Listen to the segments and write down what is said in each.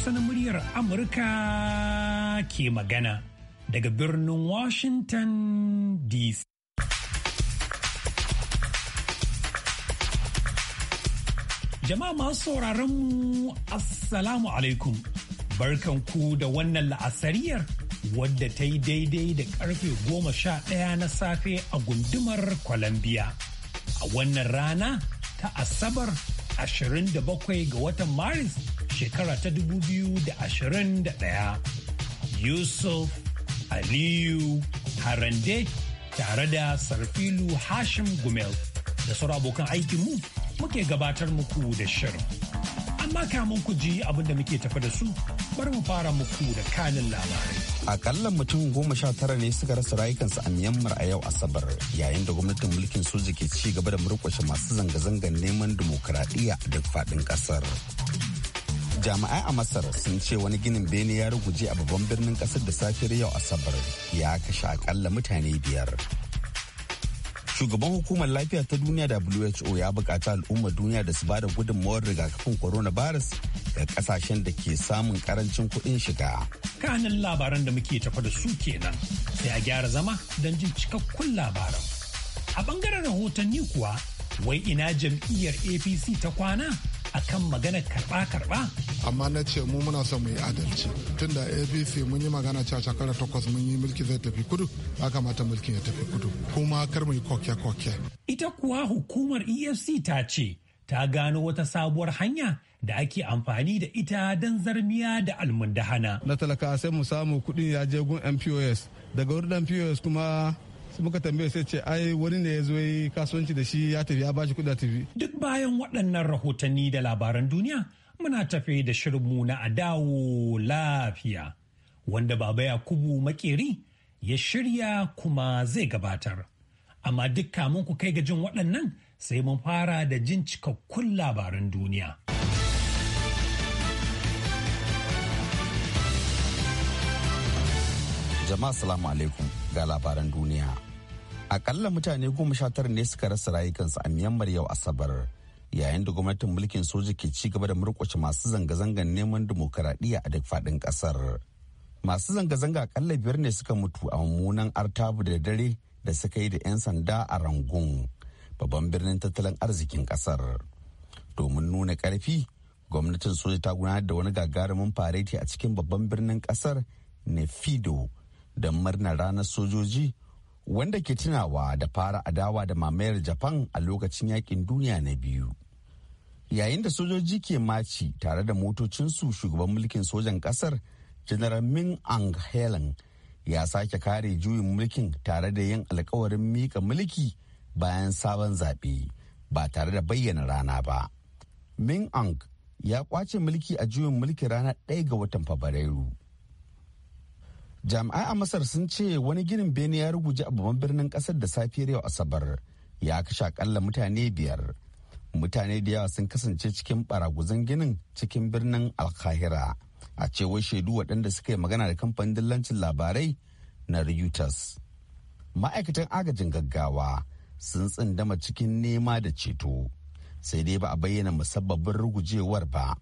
Hausa muryar Amurka ke magana daga birnin Washington DC. Jama'a masu sauraron mu Assalamu alaikum. Barkan ku da wannan la'asariyar wadda ta yi daidai da karfe goma sha ɗaya na safe a gundumar Colombia. A wannan rana ta Asabar 27 ga watan Maris shekara ta 2021 yusuf aliyu harande tare da sarfilu hashim gumel da sauran abokan aikinmu muke gabatar muku da shirin amma kamun ku ji abinda muke tafi da su bari mu fara muku da kanin labarai akalla mutum goma sha tara ne suka rasa rayukansu a Myanmar a yau Asabar yayin da gwamnatin mulkin soja ke ci gaba da murkushe masu zanga-zangar neman dimokuraɗiyya a duk faɗin ƙasar. jami'ai a masar sun ce wani ginin bene ya ruguje a babban birnin kasar da safiyar yau asabar ya kashe akalla mutane biyar shugaban hukumar lafiya ta duniya who ya bukaci al'ummar duniya da su ba da gudunmawar rigakafin coronavirus da kasashen da ke samun karancin kuɗin shiga kanin labaran da muke tafa da su kenan sai a gyara zama don jin cikakkun labaran a bangaren rahotanni kuwa wai ina jam'iyyar apc ta kwana akan maganar karba-karba? amma na ce mu muna son mu yi adalci tunda abc mun yi magana cewa shekara takwas mun yi mulki zai tafi kudu ya kamata mulkin ya tafi kudu kuma kar mu yi koke-koke. ita kuwa hukumar EFC ta ce ta gano wata sabuwar hanya da ake amfani da ita don zarmiya da almundahana. Na talaka sai mu samu kudin ya je gun MPOS daga wurin MPOS kuma muka tambaye sai ce ai wani ne ya zo yi kasuwanci da shi ya tafi ya bashi kuɗa tafi. Duk bayan waɗannan rahotanni da labaran duniya muna tafe da shirinmu na adawo lafiya wanda baba Yakubu makeri ya shirya kuma zai gabatar. Amma duk kamun ku kai ga jin waɗannan sai mun fara da jin cikakkun labaran duniya. Jama'a salamu alaikum ga labaran duniya. akalla mutane goma sha tara ne suka rasa rayukansu a Myanmar yau Asabar yayin da gwamnatin mulkin soja ke ci gaba da murƙushe masu zanga zangan neman dimokuraɗiyya a duk faɗin ƙasar. Masu zanga-zanga akalla biyar ne suka mutu a mummunan artabu da dare da suka yi da 'yan sanda a Rangun, babban birnin tattalin arzikin ƙasar. Domin nuna ƙarfi, gwamnatin soja ta gudanar da wani gagarumin fareti a cikin babban birnin ƙasar Nefido don murnar ranar sojoji wanda ke tunawa da fara adawa da mamayar japan a lokacin yakin duniya na biyu yayin da sojoji ke maci tare da motocinsu shugaban mulkin sojan kasar general min ang helen ya sake kare juyin mulkin tare da yin alkawarin mika mulki bayan sabon zaɓe ba tare da bayyana rana ba min ang ya kwace mulki a juyin mulki ranar 1 ga watan fabrairu jami'ai a masar sun ce wani ginin bene ya ruguje a babban birnin kasar da safiyar yau asabar ya kashe akalla mutane biyar mutane da yawa sun kasance cikin baraguzan ginin cikin birnin alkahira a cewar shaidu waɗanda suka yi magana da kamfanin dillancin labarai na reuters ma'aikatan agajin gaggawa sun tsindama cikin nema da ceto sai dai ba a bayyana musabbabin rugujewar ba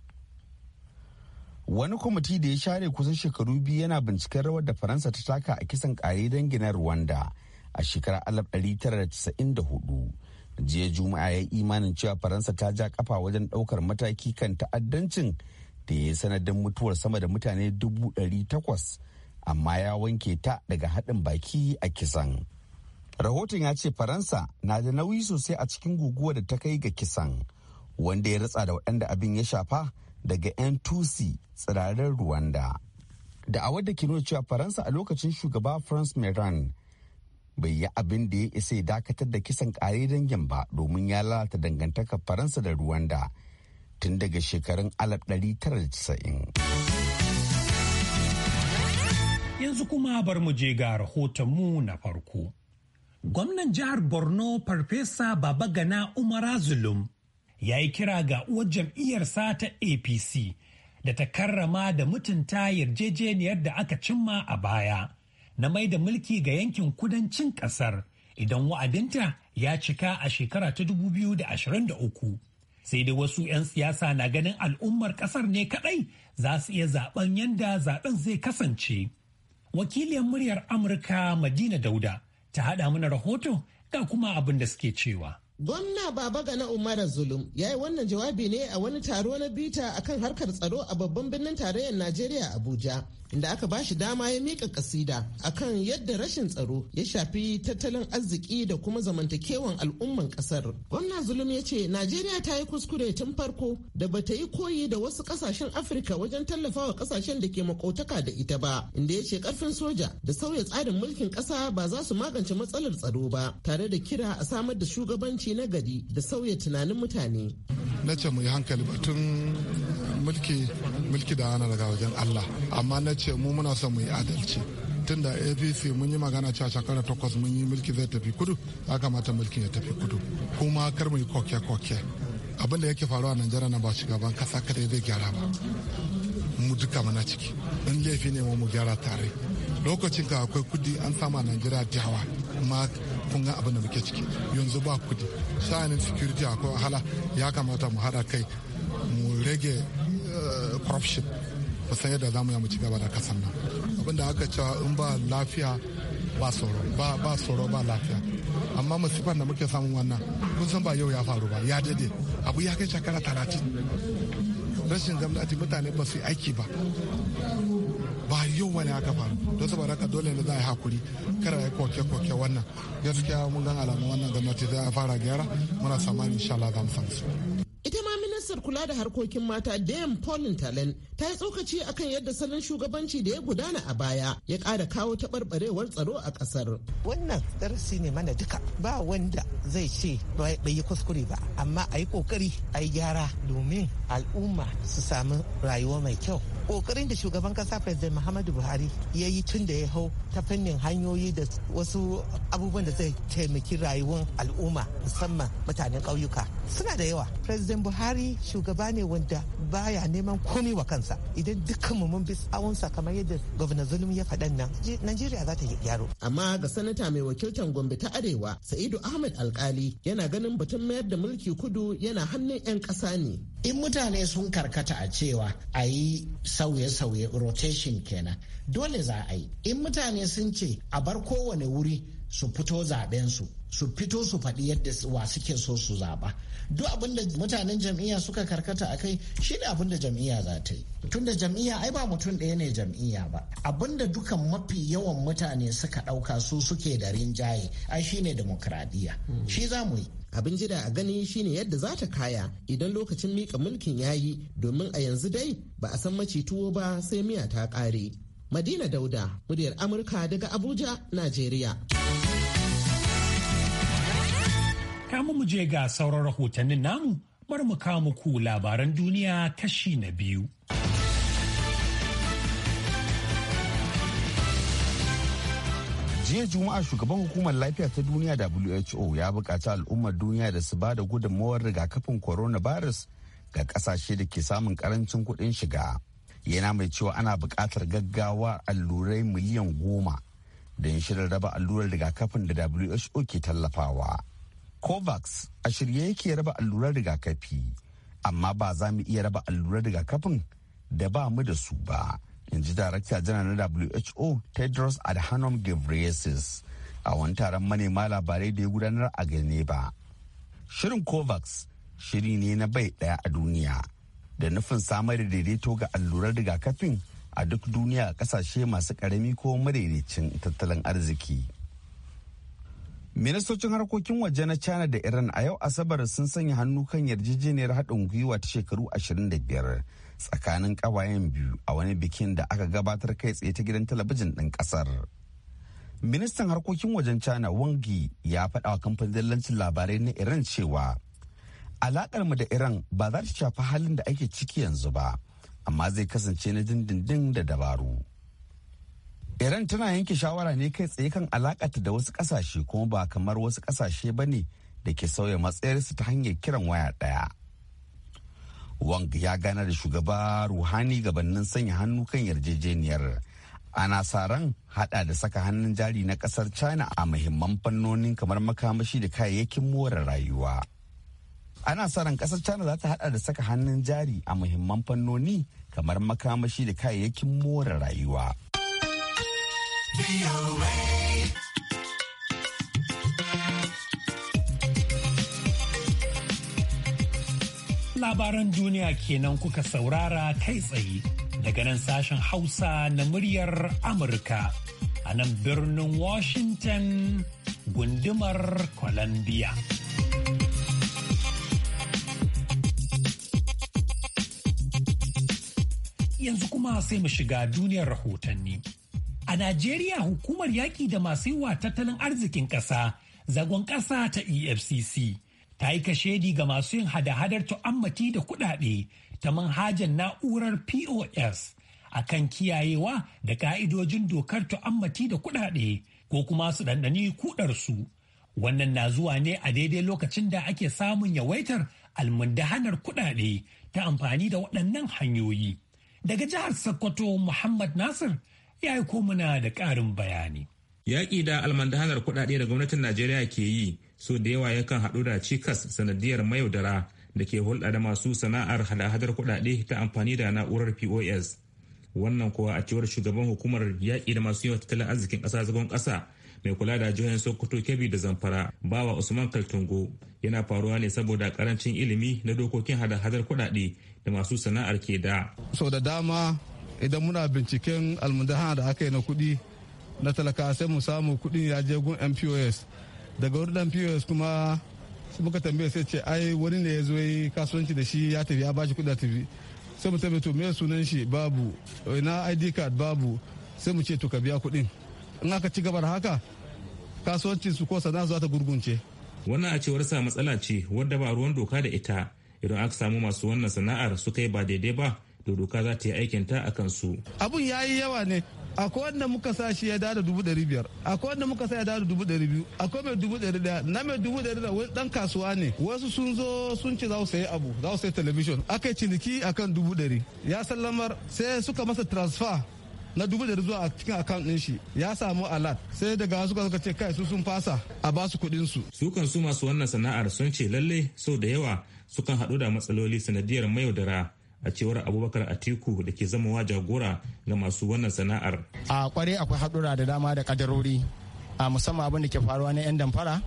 wani kwamiti da ya share kusan shekaru biyu yana binciken rawar da faransa ta taka a kisan kare dangin rwanda a shekarar 1994 jiya juma'a ya imanin cewa faransa ta ja kafa wajen daukar mataki kan ta'addancin da ya sanadin mutuwar sama da mutane 800 amma ya wanke ta daga haɗin baki a kisan rahoton ya ce faransa na da nauyi sosai a cikin guguwa da ta kai ga kisan wanda ya ratsa da waɗanda abin ya shafa daga 'yan tusi tsirarin Rwanda. Da a wadda ke nuna cewa Faransa a lokacin shugaba France Mitterrand bai yi abin da ya isa ya dakatar da kisan kare dangin ba domin ya lalata dangantakar Faransa da Rwanda tun daga shekarun 1990. Yanzu kuma bar mu je ga mu na farko. Gwamnan jihar Borno Farfesa Baba Gana, Umar Zulum ya yi kira ga uwar jam'iyyarsa ta apc da ta karrama da mutunta yarjejeniyar da aka cimma a baya na mai da mulki ga yankin kudancin kasar idan wa'adinta ya cika a shekara ta 2023 sai dai wasu 'yan siyasa na ganin al'ummar kasar ne kadai za su iya zaben yadda zaben zai kasance wakiliyar muryar amurka madina dauda ta hada mana rahoto ga kuma abin da suke cewa Gwamna Baba Gana Umar Zulum ya yi wannan jawabi ne a wani taro na bita akan harkar tsaro a babban birnin tarayyar Najeriya Abuja. Inda aka bashi dama ya mika kasida kan yadda rashin tsaro ya shafi tattalin arziki da kuma zamantakewan al'umman kasar. Gwamna Zulum ya ce Najeriya ta yi kuskure tun farko da ba ta yi koyi da wasu kasashen Afirka wajen tallafawa kasashen da ke makotaka da ita ba. Inda ya ce karfin soja da sauya tsarin mulkin kasa ba za su magance matsalar tsaro ba tare da kira a samar da shugabanci mulki na gari da sauya tunanin mutane. Na ce mu yi hankali batun mulki mulki da ana daga wajen Allah amma na ce mu muna son mu yi adalci tun da abc mun yi magana cewa shekara takwas mun yi mulki zai tafi kudu ya kamata mulkin ya tafi kudu kuma kar mu yi koke-koke abin da yake faruwa a najeriya na ba ban kasa kadai zai gyara ba mu duka mana ciki in laifi ne mu gyara tare lokacin ka akwai kudi an sama najeriya da yawa amma kun ga abin da muke ciki yanzu ba kudi sha'anin security akwai wahala ya kamata mu hada kai mu rage eh, corruption mu san yadda za mu yi mu ci gaba da kasan nan abin da aka cewa in ba lafiya ba tsoro ba tsoro ba lafiya amma masifan da muke samun wannan kun san ba yau ya faru ba ya dade abu ya kai shekara talatin rashin gwamnati mutane ba su yi aiki ba ba yau wani aka faru don saboda haka dole ne za a yi hakuri kada ya koke koke wannan gaskiya mun gan alamu wannan gwamnati za a fara gyara muna samani insha Allah za mu san su ita ma ministar kula da harkokin mata Dame polin Talen ta yi tsokaci akan yadda salon shugabanci da ya gudana a baya ya ƙara kawo taɓarɓarewar tsaro a ƙasar. Wannan darasi ne mana duka ba wanda zai ce bai yi kuskure ba amma a yi ƙoƙari a yi gyara domin al'umma su samu rayuwa mai kyau kokarin da shugaban kasa president muhammadu buhari ya yi tun da ya hau ta fannin hanyoyi da wasu abubuwan da zai taimaki rayuwar al'umma musamman mutanen ƙauyuka suna da yawa president buhari shugaba ne wanda baya neman komi wa kansa idan dukkan mu mun bi tsawonsa kamar yadda gwamna zulum ya faɗan nan najeriya za ta yi gyaro amma ga sanata mai wakiltar gombe ta arewa sa'idu ahmed alkali yana ganin batun mayar da mulki kudu yana hannun 'yan ƙasa ne in mutane sun karkata a cewa a yi sauye-sauye rotation kenan dole za a yi in mutane sun ce a bar kowane wuri su fito zaɓensu su su fito su faɗi yadda wa suke so su zaɓa duk abin da mutanen jam'iyya suka karkata a kai shi ne abin da jam'iyya za ta yi tun da jam'iyya ai ba mutum ɗaya ne jam'iyya ba abin da dukan mafi yawan mutane suka ɗauka su suke da rinjaye ai shi ne demokradiyya shi za mu yi abin jira a gani shine yadda za ta kaya idan lokacin mika mulkin yayi domin a yanzu dai ba a san maci tuwo ba sai miya ta kare madina dauda muryar amurka daga abuja najeriya kamun mu je ga sauran rahotannin namu bar mu kawo muku labaran duniya kashi na biyu jiya juma'a shugaban hukumar lafiya ta duniya who ya bukaci al'ummar duniya da su ba da gudunmawar rigakafin virus ga ƙasashe da ke samun karancin kuɗin shiga yana mai cewa ana bukatar gaggawa allurai miliyan goma don shirin raba allurar rigakafin da who ke tallafawa covax a shirye yake raba allurar rigakafi amma ba za mu iya raba allurar rigakafin da ba mu da su ba in ji darakta janar na who tedros adhanom ghebreyesus a wani taron manema labarai da ya gudanar a geneva shirin covax shiri ne na bai daya a duniya da nufin samar da daidaito ga allurar rigakafin a duk duniya a kasashe masu karami ko madaidaicin tattalin arziki Ministocin harkokin waje na China da Iran a yau Asabar sun sanya hannu kan yarjejeniyar haɗin gwiwa ta shekaru 25 tsakanin ƙawayen biyu a wani bikin da aka gabatar kai tsaye ta gidan talabijin ɗin ƙasar. Ministan harkokin wajen China Wang Yi ya faɗa wa kamfanin dillancin labarai na Iran cewa alakar mu da Iran ba za ta shafi halin da ake ciki yanzu ba, amma zai kasance na dindindin da dabaru. Iran tana yanke shawara ne kai tsaye kan alakata da wasu kasashe kuma ba kamar wasu kasashe ba ne da ke sauya matsayarsu ta hanyar kiran waya ɗaya. Wang ya gana da shugaba Ruhani gabanin sanya hannu kan yarjejeniyar. Ana sa ran hada da saka hannun jari na kasar China a muhimman fannonin kamar makamashi da kayayyakin more rayuwa. Ana sa ran kasar China za ta hada da saka hannun jari a muhimman fannoni kamar makamashi da kayayyakin more rayuwa. Labaran duniya kenan kuka saurara kai tsaye daga nan sashen Hausa na muryar Amurka a nan birnin Washington gundumar Columbia. Yanzu kuma sai mu shiga duniyar rahotanni. A Najeriya hukumar yaƙi da masu yiwa tattalin arzikin ƙasa, zagon ƙasa ta EFCC, ta yi kashedi ga masu yin hada-hadar tu'ammati da kuɗaɗe ta manhajar na'urar POS a kan kiyayewa da ƙa'idojin dokar tu'ammati da kuɗaɗe ko kuma su ɗanɗani kuɗarsu. Wannan na zuwa ne a daidai lokacin da ake samun yawaitar almundahanar kuɗaɗe ta amfani da waɗannan hanyoyi. Daga jihar Sokoto Muhammad Nasir ya yi muna da ƙarin bayani. Yaƙi da almandahanar kuɗaɗe da gwamnatin Najeriya ke yi so da yawa yakan haɗu da cikas sanadiyar mayaudara da ke hulɗa da masu sana'ar hada-hadar kuɗaɗe ta amfani da na'urar POS. Wannan kuwa a cewar shugaban hukumar yaƙi da masu yawan tattalin arzikin ƙasa zagon ƙasa mai kula da jihohin Sokoto, Kebbi da Zamfara, Bawa Usman Kaltungo yana faruwa ne saboda karancin ilimi na dokokin hada-hadar kuɗaɗe da masu sana'ar ke da. So da dama idan muna binciken almundahan da aka yi na kuɗi na talaka sai mu samu kuɗin ya je gun mpos daga wurin mpos kuma muka tambaye sai ce ai wani ne ya zo yi kasuwanci da shi ya tafi ya bashi kuɗi tafi sai mu tambaye me sunan shi babu na id card babu sai mu ce to ka biya kuɗin in aka ci gaba da haka kasuwancin su ko sana za ta gurgunce wannan a cewar sa matsala ce wadda ba ruwan doka da ita idan aka samu masu wannan sana'ar suka yi ba daidai ba da doka za ta yi aikinta a kansu. Abun ya yi yawa ne akwai wanda muka sa shi ya dada dubu dari biyar akwai wanda muka sa ya dada dubu dari biyu akwai mai dubu dari daya na mai dubu dari da wani dan kasuwa ne wasu sun zo sun ce za su sayi abu za su sayi telebishon aka yi ciniki akan dubu dari ya sallamar sai suka masa transfer na dubu da zuwa a cikin account din shi ya samu alat sai daga wasu suka ce kai su sun fasa a ba su kuɗin su sukan su masu wannan sana'ar sun ce lalle sau da yawa sukan haɗu da matsaloli sanadiyar mayaudara a cewar abubakar atiku da ke zamowa jagora ga masu wannan sana'ar a kware akwai haɗura da dama da kadarori a musamman abin da ke faruwa na 'yan damfara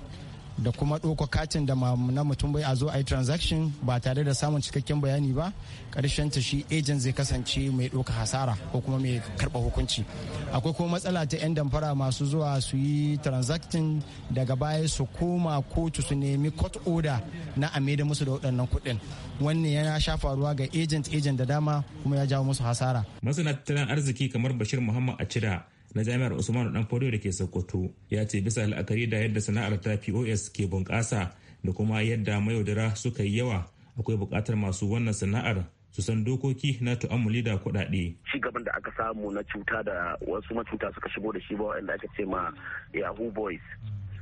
da kuma ɗauko katin da na mutum bai a zo a yi transaction ba tare da samun cikakken bayani ba ƙarshen ta shi agent zai kasance mai ɗauka hasara ko kuma mai karɓa hukunci akwai kuma matsala ta 'yan damfara masu zuwa su yi transaction daga baya su koma kotu su nemi court order na a da musu da waɗannan kuɗin wannan yana sha faruwa ga agent agent da dama kuma ya jawo musu hasara masana tattalin arziki kamar bashir muhammad a cira na jami'ar usman dan da ke sokoto ya ce bisa la'akari da yadda sana'ar ta pos ke bunƙasa da kuma yadda mayaudara suka yi yawa akwai buƙatar masu wannan sana'ar su san dokoki na tu'ammuli da kuɗaɗe. Ci gaban da aka samu na cuta da wasu macuta suka shigo da shi ba wa'anda aka ce ma Yahoo Boys.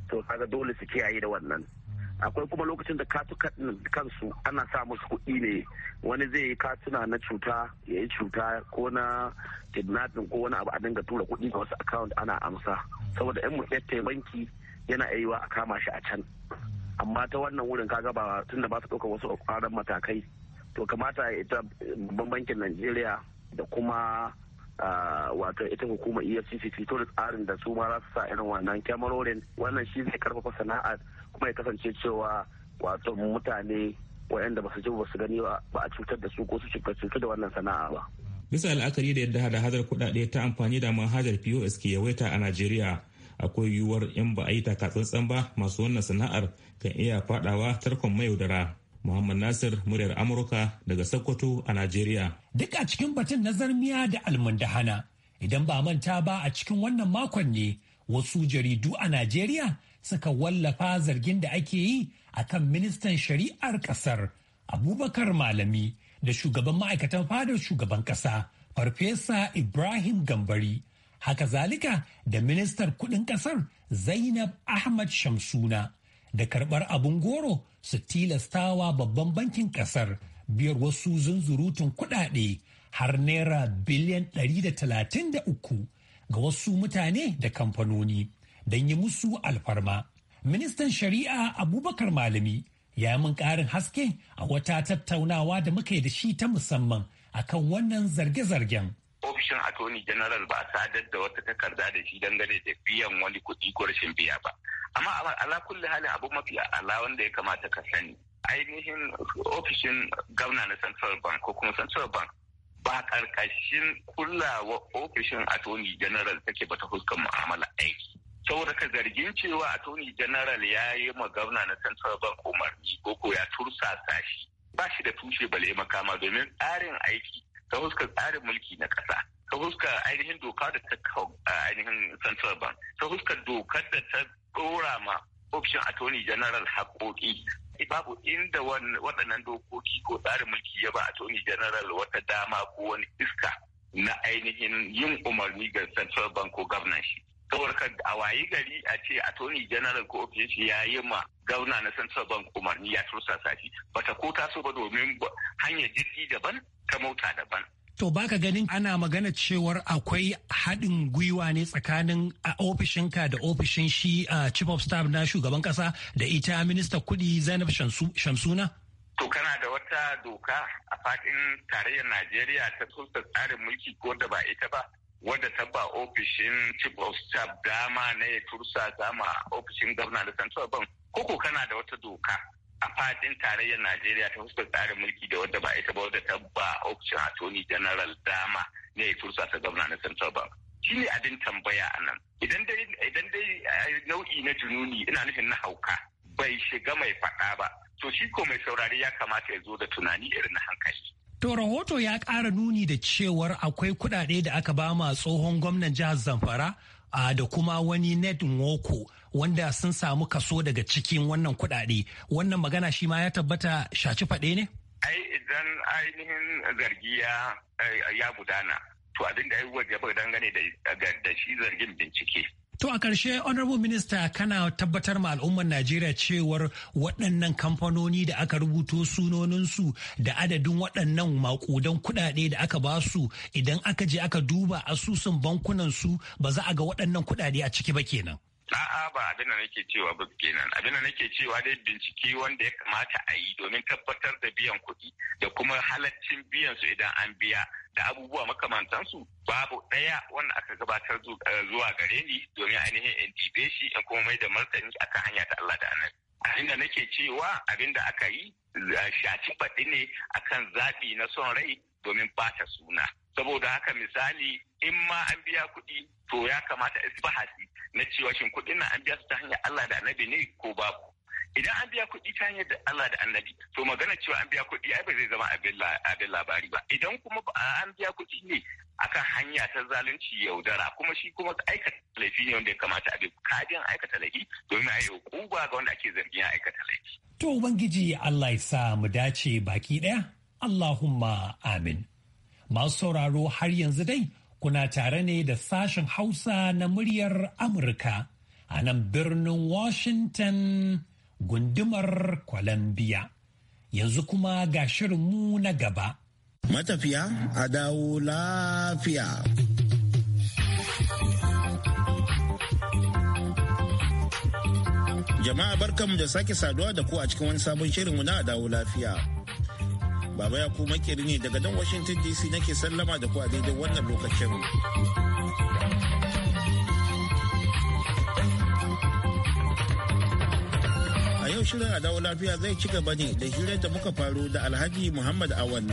To kaga dole su kiyaye da wannan. akwai kuma lokacin da katuka kansu ana sa musu kuɗi ne wani zai yi katuna na cuta ya yi cuta ko na kidnapping ko wani abu a dinga tura kuɗi ga wasu account ana amsa saboda yan mutum banki yana yiwa a kama shi a can amma ta wannan wurin ka kaga ba tunda ba su ɗauka wasu ƙwaran matakai to kamata ita babban bankin najeriya da kuma wato ita hukumar efcc to da tsarin da su ma za su sa irin wannan kyamarorin wannan shi zai karfafa sana'a kuma ya kasance cewa wato mutane waɗanda ba su ji ba su gani ba a cutar da su ko su cutar da wannan sana'a ba. Bisa la'akari da yadda hada-hadar kuɗaɗe ta amfani da manhajar POS ke yawaita a Najeriya akwai yiwuwar 'yan ba a yi takatsantsan ba masu wannan sana'ar kan iya fadawa tarkon mai yaudara Muhammad Nasir muryar Amurka daga Sokoto a Najeriya. Duk a cikin batun nazarmiya da almundahana idan ba manta ba a cikin wannan makon ne wasu jaridu a Najeriya suka wallafa zargin da ake yi a kan ministan shari'ar kasar abubakar malami da shugaban ma'aikatan fadar shugaban kasa farfesa ibrahim gambari haka zalika da ministar kudin kasar zainab ahmad shamsuna da karbar abun goro su tilastawa babban bankin kasar biyar wasu zunzurutun kudade har naira biliyan 133 ga wasu mutane da kamfanoni. don yi musu alfarma. Ministan Shari'a Abubakar Malami ya min ƙarin haske a wata tattaunawa da muka yi da shi ta musamman akan wannan zarge-zargen. Ofishin Attorney General ba a sadar da wata takarda da shi dangane da biyan wani kuɗi ko rashin biya ba. Amma a alakulli halin abu mafi ala wanda ya kamata ka sani. Ainihin ofishin gwamna na Central Bank ko kuma Central Bank ba karkashin kulawa ofishin Attorney General take ba ta fuskar mu'amala aiki. saboda zargin cewa attorney general ya yi ma gwamna na central bank umarni ko ya tursasa shi ba shi da tushe bale makama domin tsarin aiki ta tsarin mulki na ƙasa ta huskar ainihin doka da ta ainihin central bank ta huskar dokar da ta ɗora ma option attorney general haƙoƙi babu inda waɗannan dokoki ko tsarin mulki ya ba attorney general wata dama ko wani iska na ainihin yin umarni ga central bank ko gwamnan shi saboda a wayi gari a ce a attorney general ko office ya yi ma gauna na central bank umarni ya tursa sati bata ko taso ba domin hanyar jirgi daban ta mota daban To baka ganin ana magana cewar akwai haɗin gwiwa ne tsakanin a ofishinka da ofishin shi a chief of staff na shugaban kasa da ita minista kudi Zainab Shamsuna? To kana da wata doka a faɗin tarayyar Najeriya ta tsotsar tsarin mulki ko da ba ita ba wadda ta ba ofishin chief of staff dama na ya tursa dama ofishin gwamna da central bank koko kana da wata doka a fadin tarayyar najeriya ta fuskar tsarin mulki da wadda ba ita ba wadda ta ba ofishin attorney general dama ne ya tursa ta gwamna da central bank shi ne abin tambaya a nan idan dai eh, nau'i na jununi ina nufin na hauka bai shiga mai faɗa ba to shi ko mai saurari ya kamata ya zo da tunani irin na To rahoto ya ƙara nuni da cewar akwai kuɗaɗe da aka ba ma tsohon gwamnan jihar Zamfara a da kuma wani Net Nwoko wanda sun samu kaso daga cikin wannan kuɗaɗe. Wannan magana shi ma ya tabbata shaci faɗe ne? Ai idan ainihin zargi ya gudana, to abin da ya dangane da shi zargin bincike. To a ƙarshe Honorable Minister kana tabbatar ma al'ummar Najeriya cewar waɗannan kamfanoni da aka rubuto sunoninsu da adadin waɗannan makudan kuɗaɗe da aka ba su idan aka je aka duba asusun bankunan su ba za a ga waɗannan kuɗaɗe a ciki ba kenan. A'a ba abin da nake cewa ba kenan abin da nake cewa dai bincike wanda ya kamata a yi domin tabbatar da biyan kuɗi da kuma halaccin biyan su idan an biya da abubuwa makamantansu babu ɗaya wanda aka gabatar eh, zuwa gare ni domin ainihin in dibe shi in kuma mai da martani akan hanya ta Allah da annabi. Abin da nake cewa abin da aka yi shaci faɗi ne akan zaɓi na son rai domin bata suna. saboda haka misali in ma an biya kuɗi to ya kamata isbahasi na cewa shin kuɗin nan an biya su ta hanyar Allah da annabi ne ko babu idan an biya kuɗi ta hanyar da Allah da annabi to magana cewa an biya kuɗi ai ba zai zama abin labari ba idan kuma an biya kuɗi ne akan hanya ta zalunci yaudara kuma shi kuma aikata laifi ne wanda ya kamata a bi kadin aikata laifi domin a yi hukuma ga wanda ake zargin aikata laifi. To Ubangiji Allah ya sa mu dace baki ɗaya Allahumma amin. Masu sauraro har yanzu dai kuna tare ne da sashen Hausa na muryar Amurka a nan birnin Washington gundumar Columbia. Yanzu kuma ga mu na gaba. Matafiya a dawo lafiya. Jama'a barkanmu da sake saduwa da ku a cikin wani sabon shirin shirinmu na dawo lafiya. Baba ya ku makeri ne daga nan Washington DC nake sallama da ku a daidai wannan lokacin. a yau shirin adawo lafiya zai ci gaba ne da hirar da muka faru da alhaji muhammad awan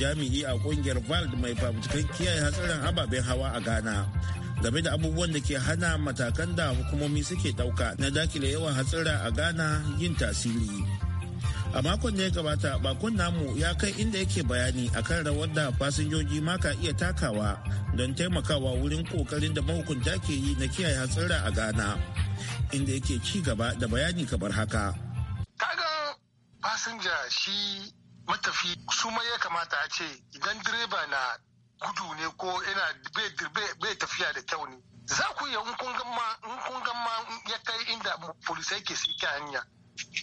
jami'i a kungiyar vald mai fafutukan kiyaye hatsarin ababen hawa a ghana game da abubuwan da ke hana matakan da hukumomi suke dauka na dakile yawan hatsira a ghana yin tasiri a makon da ya gabata bakon namu ya kai inda yake bayani akan rawar da fasinjoji ma ka iya takawa don taimakawa wurin kokarin da mahukunta ke yi na kiyaye hatsira a ghana inda yake ci gaba da bayani kamar haka kaga fasinja shi matafi su ya kamata a ce idan direba na gudu ne ko yana bai tafiya da kyau ne za ku yi in kun ma ya kai inda polisai ke sike hanya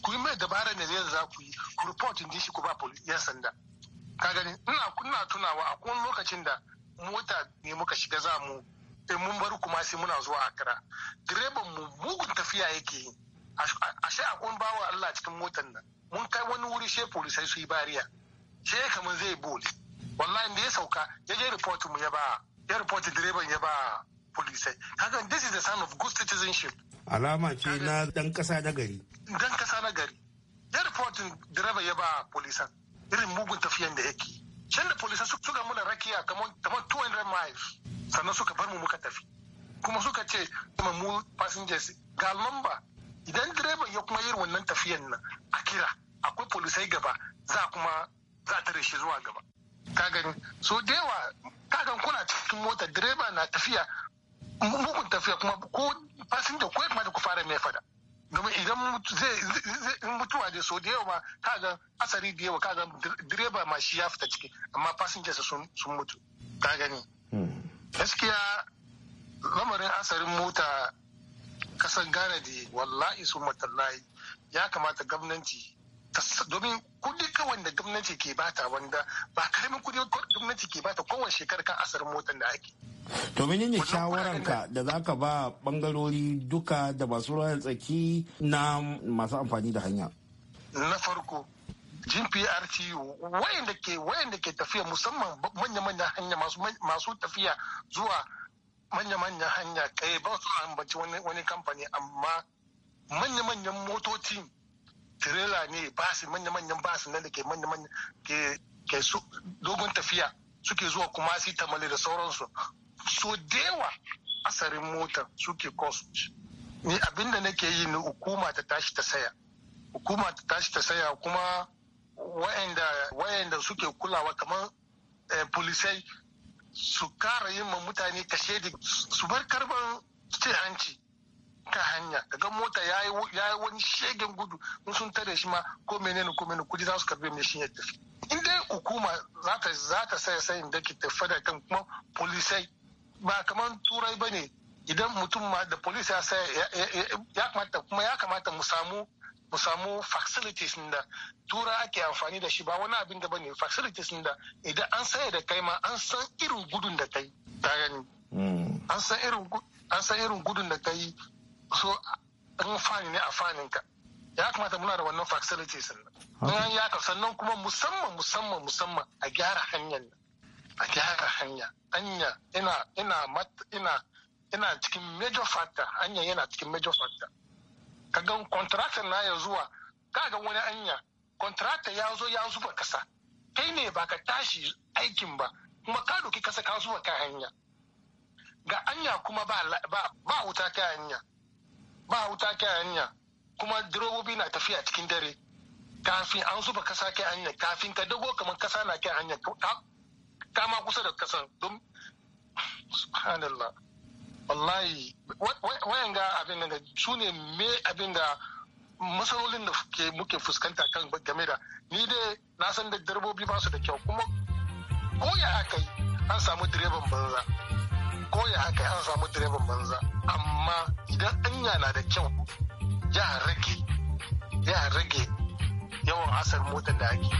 ku yi mai dabarar da zai za ku yi ku report din shi ku ba yan sanda ka gani ina kuna tunawa a kun lokacin da mota ne muka shiga za mu eh, mun bar kuma sai muna zuwa Accra direban mu mugun tafiya yake yi A sai a kun bawa Allah cikin motar nan mun kai wani wuri she polisai su yi bariya sai kamar zai boli wallahi da ya sauka ya je report mu ya ba ya report direban ya ba polisai kaga this is the sign of good citizenship alama ce na dan kasa na gari dan kasa na gari ya reportin direba ya ba polisan irin mugun tafiyan da yake can da polisan suka muna rakiya kamar 200 miles sannan suka bar mu muka tafi kuma suka ce kuma mu passengers ga lamba idan direba ya kuma yi wannan tafiyan nan a kira akwai polisai gaba za kuma za ta rishi zuwa gaba ka gani so da yawa ka gan kuna cikin mota direba na tafiya mugun tafiya kuma ko fasinja ko ya kamata ku fara mai fada domin idan mutuwa da so da yawa ma kaga asari da yawa kaga direba ma shi ya fita ciki amma fasinja sun mutu ta gani hmm. gaskiya lamarin asarin mota kasan ghana da wallahi sun matallahi ya kamata gwamnati domin kudi kawai da gwamnati ke bata wanda ba karamin kudi gwamnati ke bata kowace shekara kan asar motar da ake. To menene shawararka da za ka ba bangarori duka da masu ruwan tsaki na masu amfani da hanya? Na farko, jin PRTU wayanda ke wayanda ke tafiya musamman manya-manya hanya masu tafiya zuwa manya-manya hanya kai eh, ba su ambaci wani kamfani amma manya-manyan motoci tirela ne basi manya-manyan basi nan da ke manya-manyan ke su dogon tafiya suke zuwa kuma su tamale da sauransu so dewa asarin motar suke cost ni abinda nake yi ni hukuma ta tashi ta saya hukuma ta tashi ta saya kuma wayanda suke kulawa kamar eh, polisai su kara yin ma mutane kashe su bar karban cin hanci ta hanya daga mota ya yi wani shegen gudu in sun tare shi ma ko menene ko menene kudi za su karbe mai shi ya tafi in dai hukuma za ta za ta saya sayin da ke tafi da kan kuma polisai ba kamar turai ba ne idan mutum ma da polis ya saya ya kamata kuma ya kamata mu samu mu samu facilities da tura ake amfani da shi ba wani abin da ba ne facilities da idan an saya da kai ma an san irin gudun da kai ta gani hmm. an san irin gudun da kai so in fani ne a fanin ka ya kamata muna da wannan facilities nan in ya ka sannan kuma musamman musamman musamman a gyara hanyar a gyara hanya hanya ina ina ina ina cikin major factor hanya yana cikin major factor ka ga contractor na ya zuwa ka ga wani hanya contractor ya zo ya zuba kasa kai ne ba ka tashi aikin ba kuma ka doki kasa ka zuba ka hanya ga anya kuma ba, ba, wuta ka hanya ba wuta kai hanya kuma direbobi na tafiya cikin dare kafin an zuba kasa kai hanya kafin ka dago kamar kasa na kai hanya ka ma kusa da kasan don subhanallah wallahi wayan ga abin da su ne me abin da matsalolin da muke fuskanta kan game da ni dai na san da direbobi ba su da kyau kuma ko ya aka yi an samu direban banza. ya aka an samu direban banza amma idan anya na da kyau ya rage ya rage yawan asar motar da ake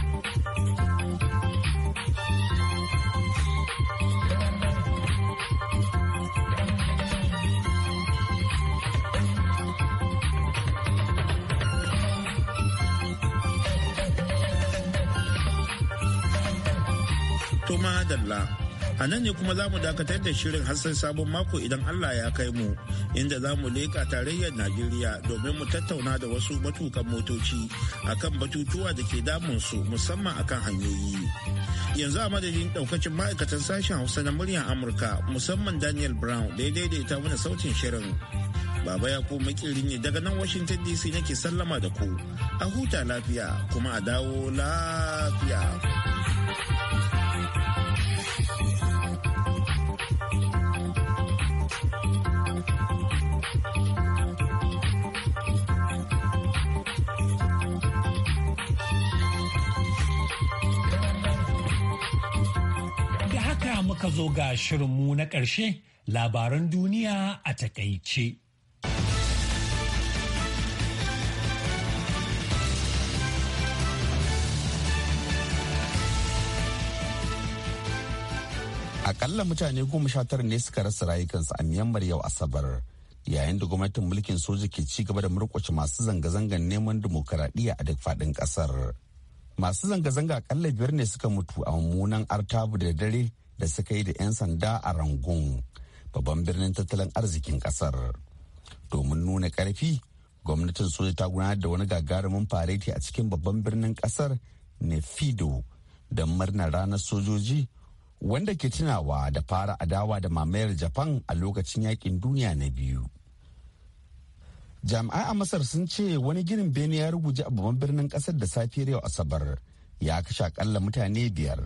Toma Dalla A nan ne kuma za mu dakatar da shirin hasar sabon mako idan Allah ya kai mu, inda za mu leƙa tarayyar Najeriya domin mu tattauna da wasu matukan motoci akan batutuwa da ke damunsu musamman akan hanyoyi. Yanzu a madadin ɗaukacin ma'aikatan sashen Hausa na muryar Amurka musamman Daniel Brown da ya daidaita mana sautin shirin. Baba ya ko makirin ne daga nan Washington DC nake sallama da ku. A huta lafiya kuma a dawo lafiya. muka zo ga shirinmu na ƙarshe labaran duniya a takaice. Akalla mutane goma sha tara ne suka rasa rayukansu a Myanmar yau Asabar. Yayin da gwamnatin mulkin soja ke ci gaba da murƙushe masu zanga zangan neman dimokuraɗiyya a duk faɗin ƙasar. Masu zanga-zanga akalla biyar ne suka mutu a mummunan artabu da dare da suka yi da 'yan sanda a rangun babban birnin tattalin arzikin kasar domin nuna karfi gwamnatin soja ta gudanar da wani gagarumin fareti a cikin babban birnin kasar nefido da murnar ranar sojoji wanda ke tunawa da fara adawa da mamayar japan a lokacin yakin duniya na biyu jami'ai a masar sun ce wani ginin bene ya ruguje a babban birnin kasar da safiyar yau asabar ya kashe akalla mutane biyar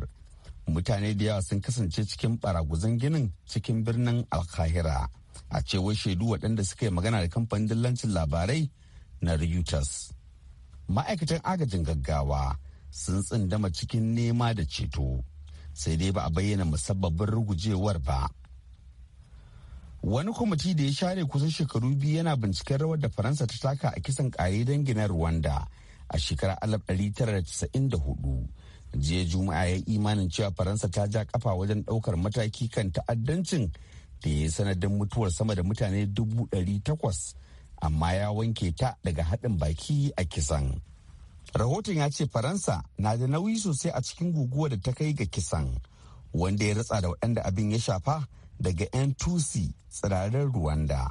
mutane da yawa sun kasance cikin baraguzan ginin cikin birnin alkahira a cewar shaidu waɗanda suka yi magana da kamfanin dillancin labarai na reuters ma'aikatan agajin gaggawa sun tsindama cikin nema da ceto sai dai ba a bayyana musabbabin rugujewar ba wani kwamiti da ya share kusan shekaru biyu yana binciken rawar da faransa ta taka a kisan kare danginar rwanda a shekarar 1994 jiya juma'a ya imanin cewa faransa ta ja kafa wajen daukar mataki kan ta'addancin da ya sanadin mutuwar sama da mutane dubu ɗari takwas amma ya wanke ta daga haɗin baki a kisan rahoton ya ce faransa na da nauyi sosai a cikin guguwa da ta kai ga kisan wanda ya ratsa da waɗanda abin ya shafa daga 'yan tusi tsirarin ruwanda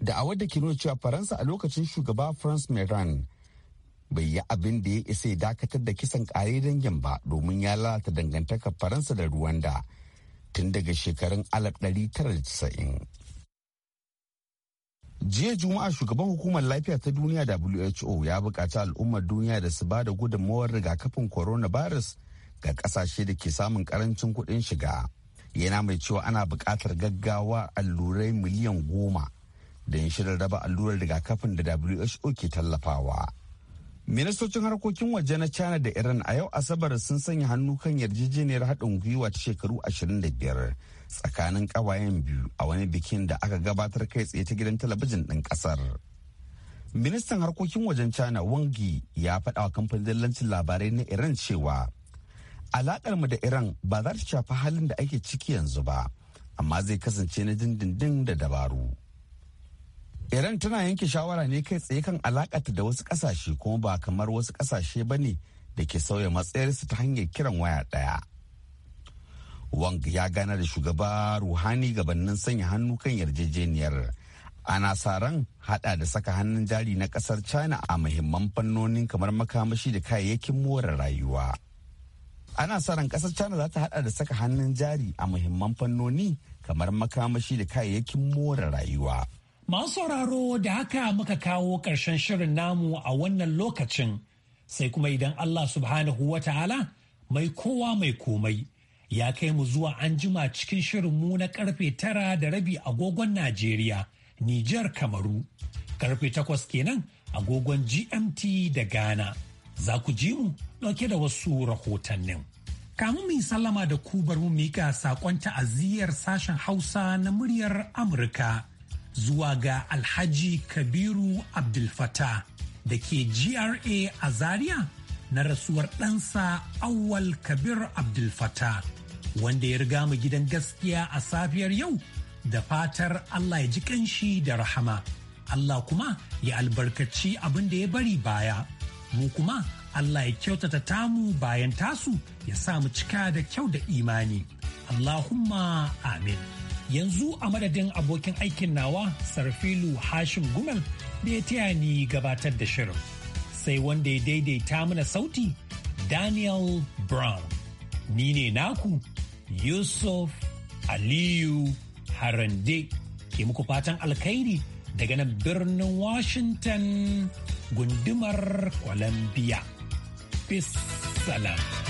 da a wadda ke nuna cewa faransa a lokacin shugaba france mitterrand bai yi abin da ya isa ya dakatar da kisan kare dangin ba domin ya lalata dangantakar faransa da ruwanda tun daga shekarun tara da 1990 jiya juma'a shugaban hukumar lafiya ta duniya who ya buƙaci al'ummar duniya da su ba da gudunmawar rigakafin coronavirus ga ƙasashe da ke samun ƙarancin kuɗin shiga yana mai cewa ana buƙatar gaggawa allurai miliyan goma don shirin raba allurar rigakafin da who ke tallafawa. ministocin harkokin waje na china da iran a yau asabar sun sanya hannu kan yarjejeniyar haɗin gwiwa ta shekaru 25 tsakanin ƙawayen biyu a wani bikin da aka gabatar kai tsaye ta gidan talabijin ɗin ƙasar ministan harkokin wajen china wangi ya faɗa wa kamfanin dillancin labarai na iran cewa alaƙar mu da iran ba za ta shafi halin da ake ciki yanzu ba amma zai kasance na dindindin da dabaru Iran tana yanke shawara ne kai tsaye kan alakata da wasu kasashe kuma ba kamar wasu kasashe ba ne da ke sauya matsayarsu ta hanyar kiran waya ɗaya. Wang ya gana da shugaba Ruhani gabanin sanya hannu kan yarjejeniyar. Ana sa ran hada da saka hannun jari na kasar China a muhimman fannonin kamar makamashi da kayayyakin more rayuwa. Ana sa ran kasar China za ta hada da saka hannun jari a muhimman fannoni kamar makamashi da kayayyakin more rayuwa. Masu sauraro da haka muka kawo ƙarshen shirin namu a wannan lokacin sai kuma idan Allah subhanahu wa ta'ala mai kowa mai komai ya kai mu zuwa an jima cikin shirinmu na karfe tara da rabi agogon Najeriya, Nijar Kamaru, karfe takwas kenan agogon GMT da Ghana. Za ku ji mu ɗauke da wasu rahotannin. Kamu mai sallama da ku bar mu mika saƙon ta'aziyyar sashen Hausa na muryar Amurka. zuwa ga Alhaji Kabiru Abdulfata da ke GRA a Zaria na rasuwar ɗansa Auwal Kabir Abdulfata wanda ya riga mu gidan gaskiya a safiyar yau da fatar Allah ya ji kanshi da rahama. Allah kuma ya albarkaci abin da ya bari baya. Mu kuma Allah ya kyautata tamu bayan tasu ya sa mu cika da kyau da imani. Allahumma amin. yanzu a madadin abokin aikin nawa sarfilu hashim gumel da ya taya ni gabatar da shirin sai wanda ya daidaita mana sauti daniel brown ni ne naku yusuf aliyu harande ke muku fatan alkhairi daga nan birnin washington gundumar columbia peace salam